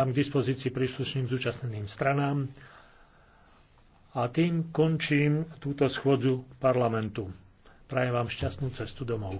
dám k dispozícii príslušným zúčastneným stranám. A tým končím túto schôdzu parlamentu. Prajem vám šťastnú cestu domov.